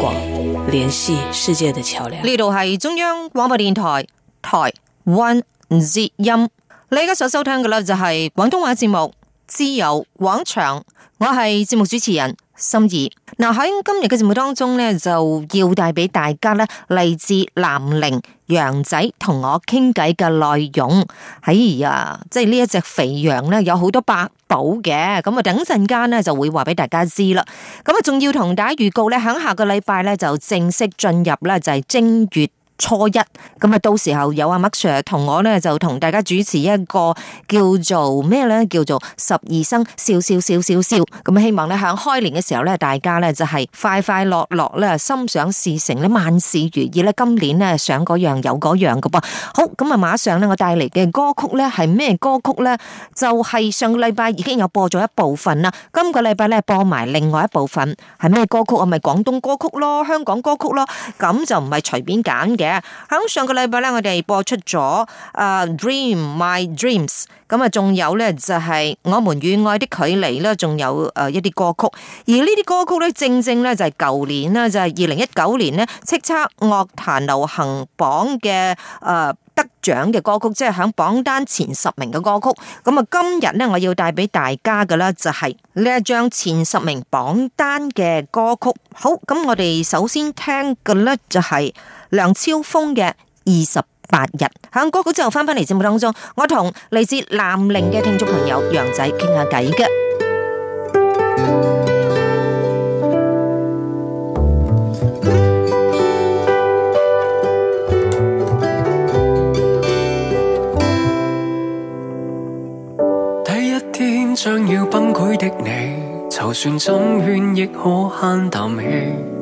廣聯繫世界的橋梁。呢度係中央廣播電台台灣之音，你而家所收聽嘅咧就係廣東話節目《自由廣場》，我係節目主持人。心意嗱喺、嗯、今日嘅節目當中咧，就要帶俾大家咧嚟自南寧羊仔同我傾偈嘅內容。哎呀，即係呢一隻肥羊咧，有好多百寶嘅，咁啊等陣間咧就會話俾大家知啦。咁啊，仲要同大家預告咧，響下個禮拜咧就正式進入咧就係、是、正月。初一咁啊，到時候有阿 Max 同我咧就同大家主持一個叫做咩咧，叫做十二生肖，笑笑笑笑笑。咁希望咧喺開年嘅時候咧，大家咧就係快快樂樂咧，心想事成咧，萬事如意咧，今年咧想嗰樣有嗰樣嘅噃。好，咁啊馬上咧，我帶嚟嘅歌曲咧係咩歌曲咧？就係上個禮拜已經有播咗一部分啦，今個禮拜咧播埋另外一部分係咩歌曲啊？咪廣東歌曲咯，香港歌曲咯，咁就唔係隨便揀嘅。喺上個禮拜咧，我哋播出咗《啊 Dream My Dreams》，咁啊，仲有咧就係《我們與愛的距離》啦，仲有誒一啲歌曲。而呢啲歌曲咧，正正咧就係舊年呢，就係二零一九年呢，叱咤樂壇流行榜嘅誒得獎嘅歌曲，即係喺榜單前十名嘅歌曲。咁啊，今日咧我要帶俾大家嘅咧就係呢一張前十名榜單嘅歌曲。好，咁我哋首先聽嘅咧就係、是。梁超峰嘅二十八日，喺歌曲之後翻返嚟節目當中，我同嚟自南寧嘅聽眾朋友楊仔傾下偈嘅。第一天將要崩潰的你，就算怎勸，亦可慳啖氣。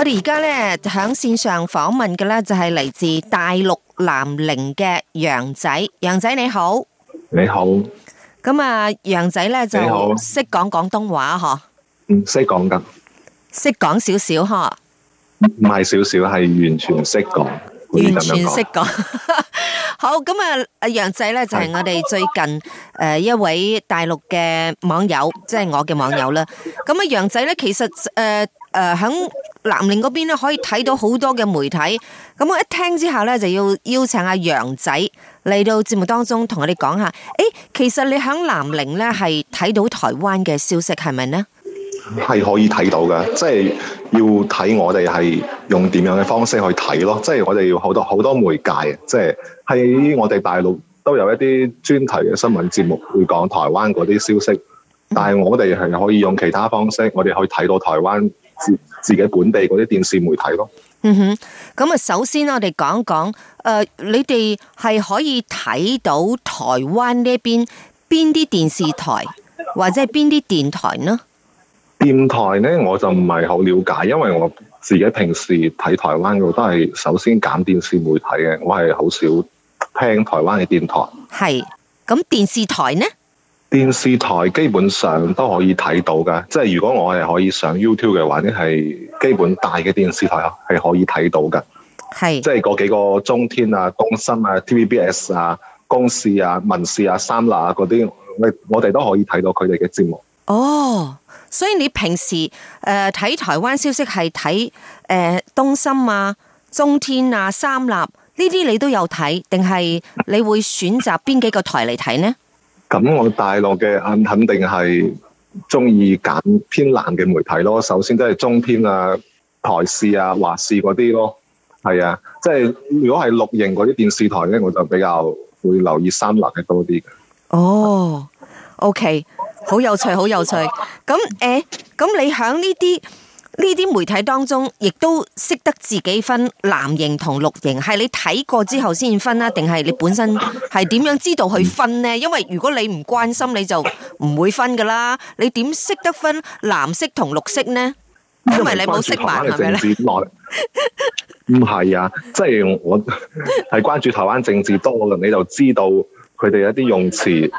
我哋而家咧響線上訪問嘅咧就係嚟自大陸南寧嘅楊仔，楊仔你好，你好。咁啊，楊仔咧就識講廣東話嗬。唔識講噶？識講少少嗬。唔係少少，係完全識講。完全識講。 好，咁啊，楊仔咧就係我哋最近誒一位大陸嘅網友，即係我嘅網友啦。咁啊，楊仔咧其實誒誒響。呃呃呃南寧嗰邊咧可以睇到好多嘅媒體，咁我一聽之後咧就要邀請阿楊仔嚟到節目當中同我哋講下。誒、欸，其實你響南寧咧係睇到台灣嘅消息係咪呢？係可以睇到嘅，即係要睇我哋係用點樣嘅方式去睇咯。即係我哋要好多好多媒介，即係喺我哋大陸都有一啲專題嘅新聞節目會講台灣嗰啲消息，但係我哋係可以用其他方式，我哋可以睇到台灣。自己本地嗰啲電視媒體咯。嗯哼，咁啊，首先我哋講講，誒、呃，你哋係可以睇到台灣呢一邊邊啲電視台，或者係邊啲電台呢？電台咧，我就唔係好了解，因為我自己平時睇台灣嘅都係首先揀電視媒體嘅，我係好少聽台灣嘅電台。係，咁電視台呢？電視台基本上都可以睇到噶，即係如果我係可以上 YouTube 嘅話，呢係基本大嘅電視台係可以睇到噶。係，即係嗰幾個中天啊、東森啊、TVBS 啊、公視啊、民視啊、三立啊嗰啲，我我哋都可以睇到佢哋嘅節目。哦、oh，所以你平時誒睇、呃、台灣消息係睇誒東森啊、中天啊、三立呢啲你都有睇，定係你會選擇邊幾個台嚟睇呢？ 咁我大陸嘅肯肯定係中意揀偏藍嘅媒體咯，首先都係中視啊台視啊華視嗰啲咯，係啊，即係如果係綠營嗰啲電視台咧，我就比較會留意三立嘅多啲嘅。哦，OK，好有趣，好有趣。咁誒，咁、欸、你喺呢啲？呢啲媒體當中，亦都識得自己分藍營同綠營，係你睇過之後先分啦，定係你本身係點樣知道去分呢？因為如果你唔關心你不，你就唔會分噶啦。你點識得分藍色同綠色呢？因為你冇識玩政治唔係啊，即係我係關注台灣政、， 啊就是、政治多噶，你就知道佢哋一啲用詞，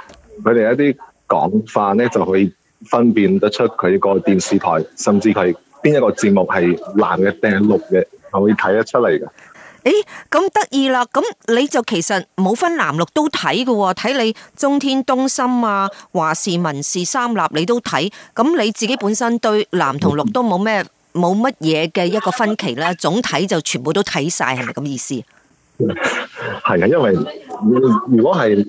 佢哋一啲講法呢，就可以分辨得出佢個電視台，甚至佢。邊一個節目係藍嘅定綠嘅，係會睇得出嚟嘅。誒、欸，咁得意啦！咁你就其實冇分藍綠都睇嘅，哦，睇你中天、東森啊、華視、民視、三立，你都睇。咁你自己本身對藍同綠都冇咩冇乜嘢嘅一個分歧啦，總體就全部都睇曬，係咪咁意思？係啊，因為如果係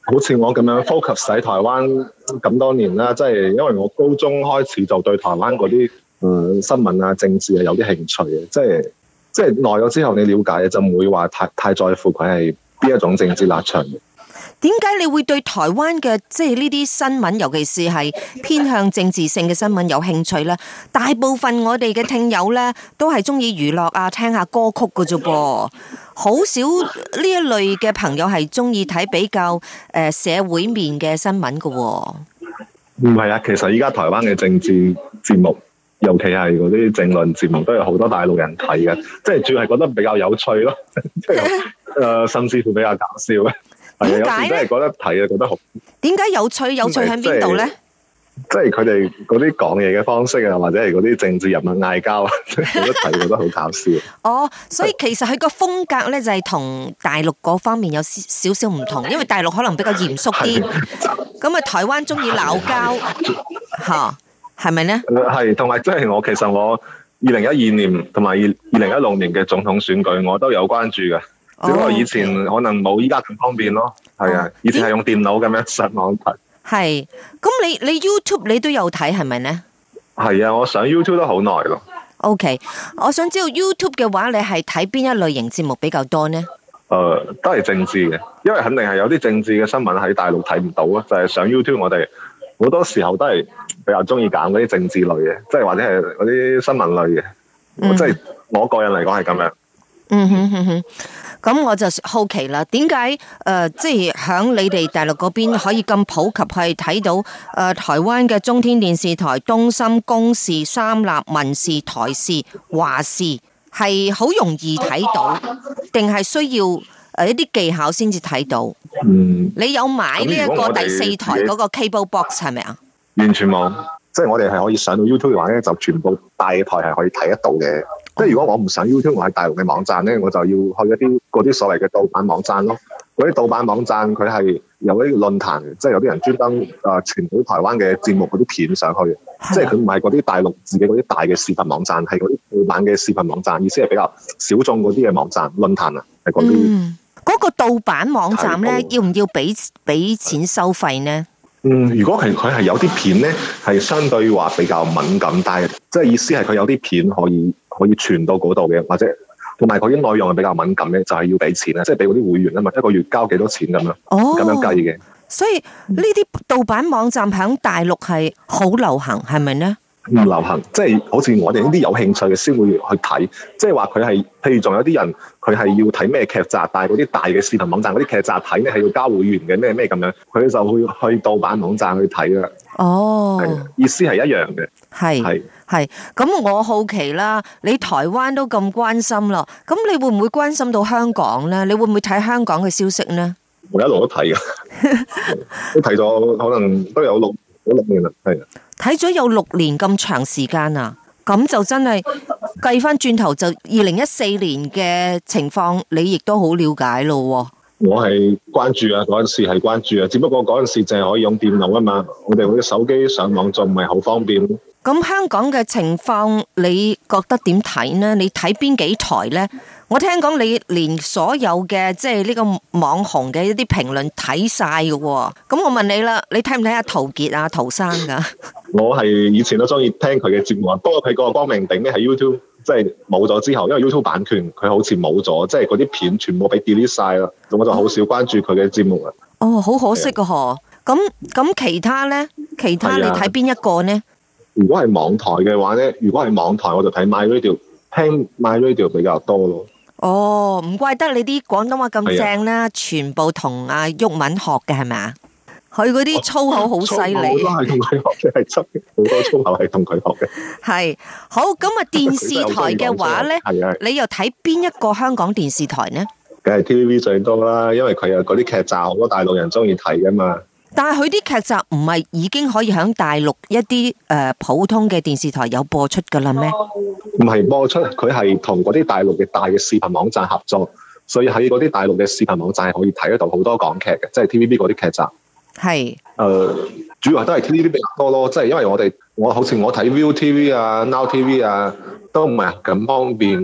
好似我咁樣 focus 喺台灣咁多年啦，即係因為我高中開始就對台灣嗰啲。嗯，新聞啊、政治啊有啲興趣嘅，即係即係耐咗之後，你了解就唔會話太太在乎佢係邊一種政治立場嘅。點解你會對台灣嘅即係呢啲新聞，尤其是係偏向政治性嘅新聞有興趣呢？大部分我哋嘅聽友呢，都係中意娛樂啊，聽下歌曲嘅啫噃，好少呢一類嘅朋友係中意睇比較誒社會面嘅新聞嘅、啊。唔係啊，其實依家台灣嘅政治節目。尤其係嗰啲政論節目都有好多大陸人睇嘅，即係主要係覺得比較有趣咯，即係誒，甚至乎比較搞笑嘅。係有時係覺得睇啊，覺得好點解有趣？有趣喺邊度咧？即係佢哋嗰啲講嘢嘅方式啊，或者係嗰啲政治人物嗌交，好睇，覺得好搞笑。 哦，所以其實佢個風格咧就係、是、同大陸嗰方面有少少少唔同，因為大陸可能比較嚴肅啲，咁啊，台灣中意鬧交吓。 係咪呢？係、嗯，同埋即係我其實我二零一二年同埋二二零一六年嘅總統選舉我都有關注㗎，oh, okay. 只不過以前可能冇依家咁方便咯。係、oh, 啊，以前係用電腦咁樣上網睇。係，咁你你 YouTube 你都有睇係咪呢？係啊，我上 YouTube 都好耐咯。OK，我想知道 YouTube 嘅話，你係睇邊一類型節目比較多呢？誒、呃，都係政治嘅，因為肯定係有啲政治嘅新聞喺大陸睇唔到啊，就係、是、上 YouTube 我哋好多時候都係。比較中意揀嗰啲政治類嘅，即係或者係嗰啲新聞類嘅，即係我個人嚟講係咁樣。嗯哼哼哼，咁我就好奇啦，點解誒，即係響你哋大陸嗰邊可以咁普及去睇到誒、呃，台灣嘅中天電視台、東森公視、三立民視、台視、華視華視係好容易睇到，定係需要誒一啲技巧先至睇到？嗯，你有買呢一個第四台嗰個 cable box 係咪啊？完全冇，即係我哋係可以上到 YouTube 嘅話，咧，就全部大台係可以睇得到嘅。即係如果我唔上 YouTube，我喺大陸嘅網站咧，我就要去一啲嗰啲所謂嘅盜版網站咯。嗰啲盜版網站佢係有啲論壇，即係有啲人專登啊傳到台灣嘅節目嗰啲片上去，即係佢唔係嗰啲大陸自己嗰啲大嘅視頻網站，係嗰啲盜版嘅視頻網站，意思係比較小眾嗰啲嘅網站論壇啊，係嗰啲。嗰、嗯嗰個盜版網站咧，要唔要俾俾錢收費呢？嗯，如果佢佢係有啲片咧，係相對話比較敏感，但係即係意思係佢有啲片可以可以傳到嗰度嘅，或者同埋佢啲內容係比較敏感嘅，就係、是、要俾錢咧，即係俾嗰啲會員啊嘛，一個月交幾多錢咁、哦、樣，咁樣計嘅。所以呢啲盜版網站喺大陸係好流行，係咪咧？唔流行，即係好似我哋呢啲有興趣嘅先會去睇，即係話佢係，譬如仲有啲人佢係要睇咩劇集，但係嗰啲大嘅視頻網站嗰啲劇集睇咧係要交會員嘅，咩咩咁樣，佢就會去盜版網站去睇啦。哦，意思係一樣嘅，係係係。咁我好奇啦，你台灣都咁關心咯，咁你會唔會關心到香港咧？你會唔會睇香港嘅消息呢？我一路都睇㗎，都睇咗可能都有六好六年啦，係。睇咗有六年咁長時間啊，咁就真係計翻轉頭就二零一四年嘅情況，你亦都好了解咯啊。我係關注啊，嗰陣時係關注啊，只不過嗰陣時淨係可以用電腦啊嘛，我哋嗰啲手機上網就唔係好方便。咁香港嘅情況，你覺得點睇呢？你睇邊幾台呢？我聽講你連所有嘅即係呢個網紅嘅一啲評論睇晒嘅，咁我問你啦，你睇唔睇阿陶傑啊陶生噶、啊？我係以前都中意聽佢嘅節目，不過佢個光明頂咧喺 YouTube，即係冇咗之後，因為 YouTube 版權佢好似冇咗，即係嗰啲片全部俾 delete 晒啦，咁我就好少關注佢嘅節目啦、嗯。哦，好可惜嘅嗬！咁咁其他呢？其他你睇邊一個呢？如果係網台嘅話咧，如果係網台我就睇 My Radio 聽 My Radio 比較多咯。哦，唔怪得你啲廣東話咁正啦、啊，全部同阿玉敏學嘅係咪啊？佢嗰啲粗口好犀利。好、哦、多係同佢學嘅，係出好多粗口係同佢學嘅。係好咁啊！那電視台嘅話咧， 你又睇邊一個香港電視台呢？梗係 TVB 最多啦，因為佢有嗰啲劇集好多大陸人中意睇噶嘛。但係佢啲劇集唔係已經可以喺大陸一啲誒、呃、普通嘅電視台有播出噶啦咩？唔係播出，佢係同嗰啲大陸嘅大嘅視頻網站合作，所以喺嗰啲大陸嘅視頻網站係可以睇得到好多港劇嘅，即係 TVB 嗰啲劇集。係，誒、呃，主要都係 TVB 多咯，即係因為我哋我好似我睇 Viu TV 啊、Now TV 啊，都唔係咁方便。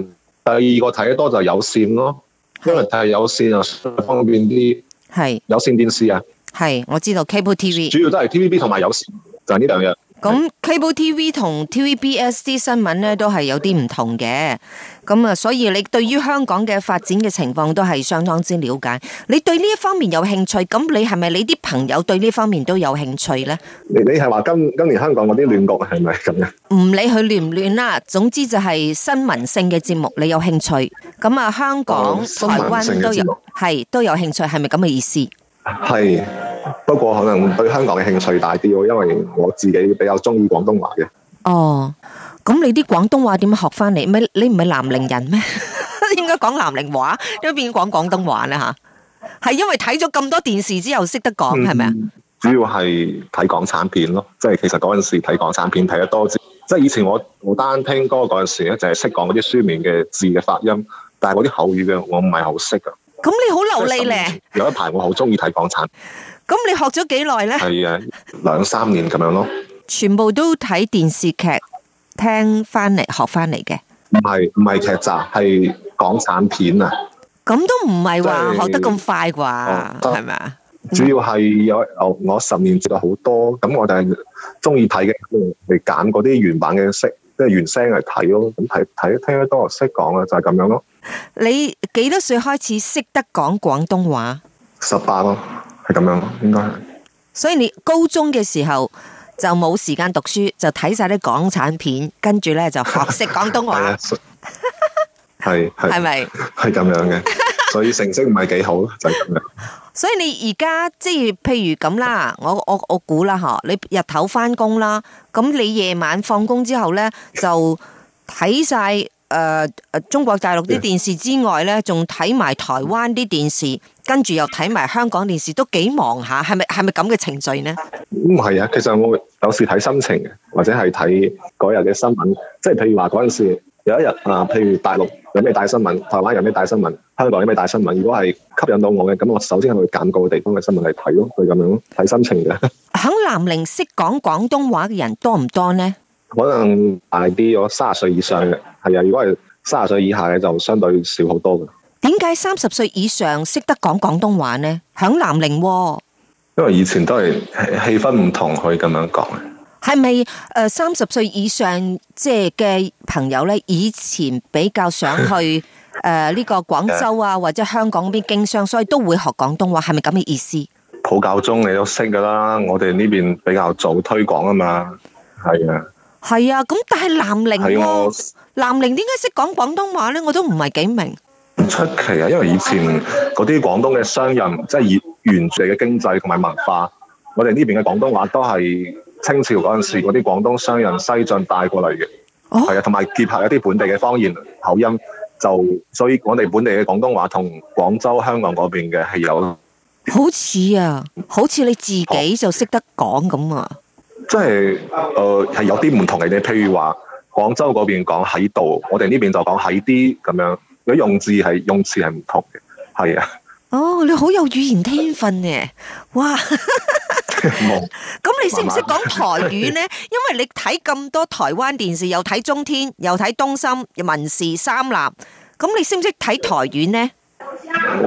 第二個睇得多就有線咯，因為睇有線啊，方便啲，係有線電視啊。係，我知道。Cable TV 主要都係 TVB 同埋有線，就係呢兩樣。咁 Cable TV 同 TVB SD 新聞咧，都係有啲唔同嘅。咁啊，所以你對於香港嘅發展嘅情況都係相當之了解。你對呢一方面有興趣，咁你係咪你啲朋友對呢方面都有興趣呢？你你係話今今年香港嗰啲亂局係咪咁樣？唔理佢亂唔亂啦，總之就係新聞性嘅節目，你有興趣。咁啊，香港、台灣都有，係都有興趣，係咪咁嘅意思？係，不過可能對香港嘅興趣大啲喎，因為我自己比較中意廣東話嘅。哦，咁你啲廣東話點樣學翻嚟？你唔係南寧人咩？應該講南寧話，一邊講廣東話呢。吓。係因為睇咗咁多電視之後識得講係咪啊？主、嗯、要係睇港產片咯，即係其實嗰陣時睇港產片睇得多啲，即係以前我，我單聽歌嗰陣時咧，就係識講嗰啲書面嘅字嘅發音，但係嗰啲口語嘅我唔係好識啊。咁你好流利咧？有一排我好中意睇港產。咁你學咗幾耐咧？係啊，兩三年咁樣咯。全部都睇電視劇，聽翻嚟學翻嚟嘅。唔係唔係劇集，係港產片啊。咁都唔係話學得咁快啩？係咪啊？主要係有我十年接咗好多，咁我哋係中意睇嘅嚟揀嗰啲原版嘅色，即係原聲嚟睇咯。咁睇睇聽，聽多得多學識講啊，就係、是、咁樣咯。你。幾多歲開始識得講廣東話？十八咯，係咁樣的，應該係。所以你高中嘅時候就冇時間讀書，就睇晒啲港產片，跟住咧就學識廣東話。係係係咪？係咁 樣嘅，所以成績唔係幾好咯，就係、係、咁樣。 所以你而家即係譬如咁啦，我我我估啦嗬，你日頭翻工啦，咁你夜晚放工之後咧就睇晒。誒、呃、中國大陸啲電視之外咧，仲睇埋台灣啲電視，跟住又睇埋香港電視，都幾忙下。係咪係咪咁嘅程序？呢？唔係啊，其實我有時睇心情嘅，或者係睇嗰日嘅新聞。即係譬如話嗰陣時有一日啊，譬如大陸有咩大新聞，台灣有咩大新聞，香港有咩大新聞。如果係吸引到我嘅，咁我首先係會揀嗰個地方嘅新聞嚟睇咯，係咁樣睇心情嘅。喺南寧識講廣東話嘅人多唔多呢？可能大啲，如果三十歲以上嘅係啊，如果係三十歲以下嘅就相對少好多嘅。點解三十歲以上識得講廣東話呢？響南寧，因為以前都係氣氛唔同，可以咁樣講嘅。係咪誒？三十歲以上即係嘅朋友呢，以前比較想去誒呢個廣州啊， 或者香港嗰邊經商，所以都會學廣東話。係咪咁嘅意思？普教中你都識噶啦，我哋呢邊比較早推廣啊嘛，係啊。係啊，咁但係南寧，啊，南寧點解識講廣東話呢？我都唔係幾明。唔出奇啊，因為以前嗰啲廣東嘅商人，即係以原自嘅經濟同埋文化，我哋呢邊嘅廣東話都係清朝嗰陣時嗰啲廣東商人西進帶過嚟嘅。哦，係啊，同埋結合一啲本地嘅方言口音，就所以我哋本地嘅廣東話同廣州、香港嗰邊嘅係有。好似啊，好似你自己就識得講咁啊。即係，誒、呃、係有啲唔同嘅，你譬如話廣州嗰邊講喺度，我哋呢邊就講喺啲咁樣，如果用字係用詞係唔同嘅，係啊。哦，你好有語言天分嘅，哇！咁、 嗯、你識唔識講台語呢？因為你睇咁多台灣電視， 又睇中天，又睇東森、又民視、三立，咁你識唔識睇台語呢？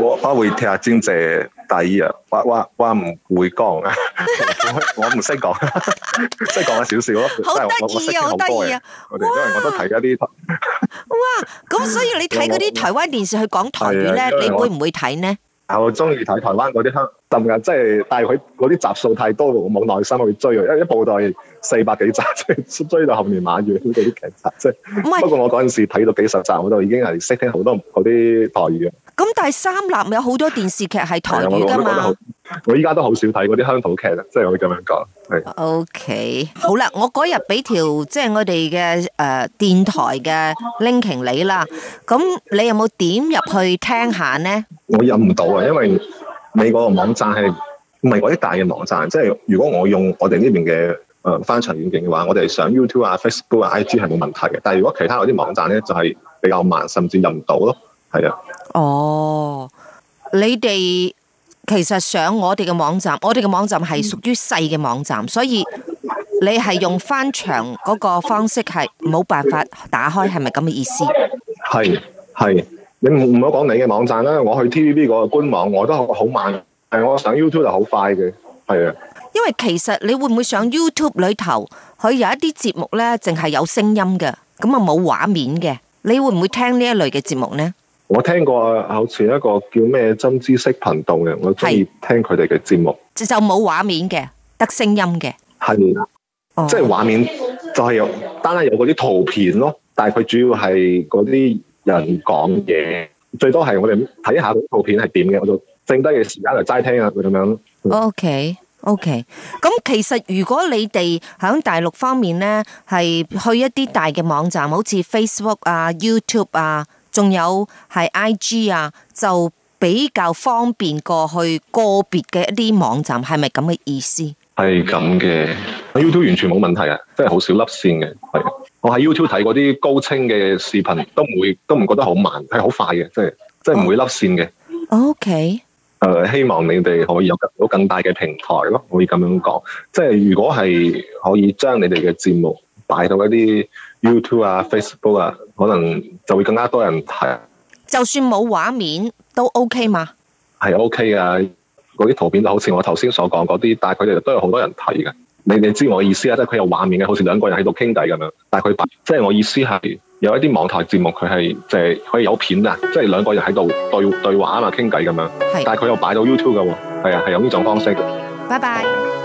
我會聽真多嘅。抵啊！話話話唔會講 啊！我唔識講，識講少少咯。好得意啊！好得意啊！哇！咁所以你睇嗰啲台灣電視去講台語咧，你會唔會睇呢？我中意睇台灣嗰啲鄉土劇啊，即係但係佢嗰啲集數太多，我冇耐心去追啊！一部袋四百幾集，追到猴年馬月嗰啲劇集啫、就是。不過我嗰陣時睇到幾十集，我都已經係識聽好多嗰啲台語嘅咁第三立有好多電視劇係台語噶嘛？我依家都好少睇嗰啲鄉土劇啦，即係我咁樣講係。OK，好啦，我嗰日俾條即係我哋嘅誒電台嘅 link 你啦。咁你有冇點入去聽下呢？我入唔到啊，因為你嗰個網站係唔係嗰啲大嘅網站？即係如果我用我哋呢邊嘅誒翻牆軟件嘅話，我哋上 YouTube 啊、Facebook 啊、IG 係冇問題嘅。但係如果其他嗰啲網站呢，就係比較慢，甚至入唔到咯。係啊，哦，你哋其實上我哋嘅網站，我哋嘅網站係屬於細嘅網站，所以你係用翻牆嗰個方式係冇辦法打開，係咪咁嘅意思？係係，你唔唔好講你嘅網站啦。我去 TVB 嗰個官網，我都好慢，但係我上 YouTube 就好快嘅，係啊。因為其實你會唔會上 YouTube 裏頭，佢有一啲節目呢，淨係有聲音嘅，咁啊冇畫面嘅，你會唔會聽呢一類嘅節目呢？我聽過好似一個叫咩針知識頻道嘅，我中意聽佢哋嘅節目。係就冇畫面嘅，得聲音嘅係，係 oh. 即係畫面就係有單單有嗰啲圖片咯，但係佢主要係嗰啲人講嘢，最多係我哋睇下嗰啲圖片係點嘅，我就剩低嘅時間嚟齋聽下佢咁樣咯。O K O K，咁其實如果你哋喺大陸方面咧，係去一啲大嘅網站，好似 Facebook 啊、YouTube 啊。仲有係 I G 啊，就比較方便過去個別嘅一啲網站，係咪咁嘅意思？係咁嘅，YouTube 完全冇問題啊，真係好少甩線嘅。係，我喺 YouTube 睇嗰啲高清嘅視頻，都唔會，都唔覺得好慢，係好快嘅，即係即係唔會甩線嘅。Oh, OK，誒、呃，希望你哋可以有更好更大嘅平台咯，可以咁樣講。即係如果係可以將你哋嘅節目擺到一啲。YouTube 啊、Facebook 啊，可能就會更加多人睇。就算冇畫面都 OK 嘛？係 OK 啊。嗰啲圖片就好似我頭先所講嗰啲，但係佢哋都有好多人睇嘅。你你知我意思啊，即係佢有畫面嘅，好似兩個人喺度傾偈咁樣。但係佢擺，即係我意思係有一啲網台節目，佢係即係可以有片啊，即係兩個人喺度對對話啊嘛，傾偈咁樣。係，但係佢又擺到 YouTube 噶，係啊，係有呢種方式嘅。拜拜。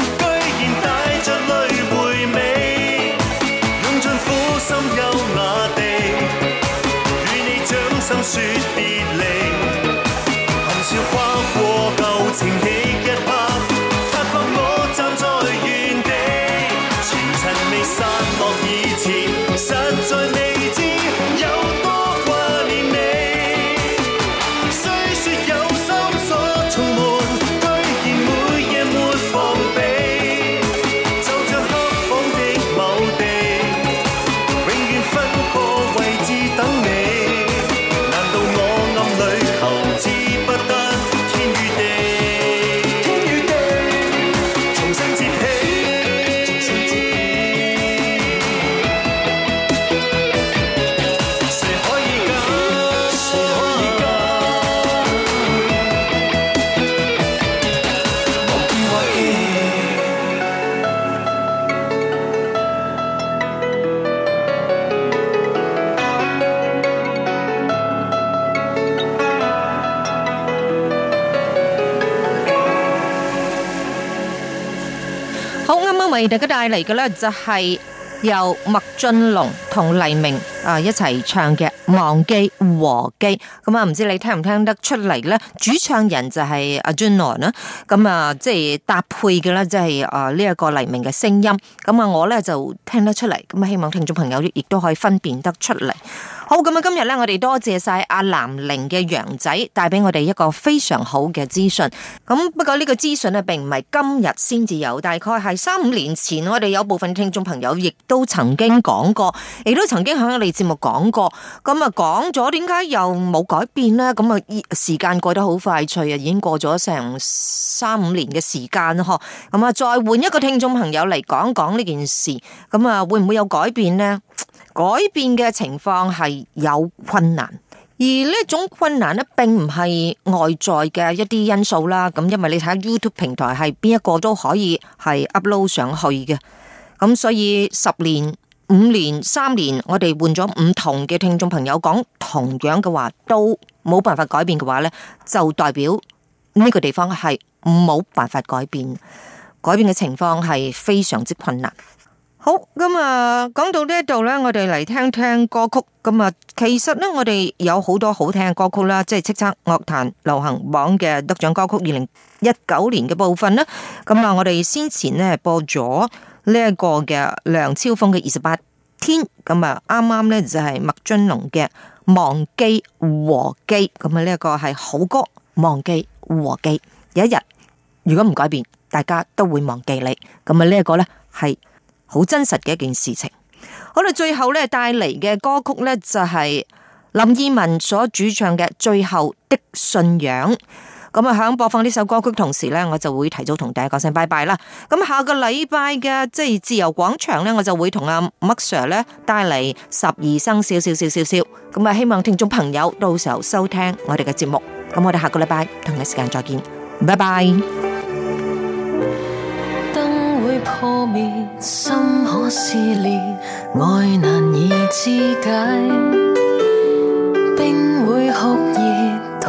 大家帶嚟嘅咧就係由麥浚龍同黎明。啊！一齊唱嘅《忘記和記》咁啊，唔知你聽唔聽得出嚟呢？主唱人就係阿 Juno 啦，咁啊，即係搭配嘅啦，即係啊呢一個黎明嘅聲音。咁啊，我呢就聽得出嚟，咁啊，希望聽眾朋友亦都可以分辨得出嚟。好，咁啊，今日呢，我哋多謝晒阿南寧嘅羊仔帶俾我哋一個非常好嘅資訊。咁不過呢個資訊呢，並唔係今日先至有，大概係三五年前，我哋有部分聽眾朋友亦都曾經講過，亦都曾經響節目講過，咁啊講咗，點解又冇改變呢？咁啊，時間過得好快脆啊，已經過咗成三五年嘅時間咯。嗬，咁啊，再換一個聽眾朋友嚟講講呢件事，咁啊，會唔會有改變呢？改變嘅情況係有困難，而呢種困難咧，並唔係外在嘅一啲因素啦。咁因為你睇下 YouTube 平台係邊一個都可以係 upload 上去嘅，咁所以十年。五年、三年，我哋換咗唔同嘅聽眾朋友講同樣嘅話，都冇辦法改變嘅話呢，就代表呢個地方係冇辦法改變，改變嘅情況係非常之困難。好，咁啊，講到呢一度呢，我哋嚟聽聽歌曲。咁啊，其實呢，我哋有好多好聽嘅歌曲啦，即係叱咤樂壇流行榜嘅得獎歌曲二零一九年嘅部分咧。咁啊，我哋先前呢播咗。呢一個嘅梁朝偉嘅二十八天，咁啊，啱啱咧就係麥浚龍嘅忘記和記。咁啊，呢一個係好歌。忘記和記，有一日如果唔改變，大家都會忘記你。咁啊，呢一個咧係好真實嘅一件事情。好啦，最後咧帶嚟嘅歌曲咧就係林二汶所主唱嘅最後的信仰。咁啊，響播放呢首歌曲同時咧，我就會提早同大家講聲拜拜啦。咁下個禮拜嘅即係自由廣場咧，我就會同阿麥 Sir 咧帶嚟十二生肖少少少少。咁啊，希望聽眾朋友到時候收聽我哋嘅節目。咁我哋下個禮拜同一時間再見，拜拜。燈會破滅，心可撕裂，愛難以自解。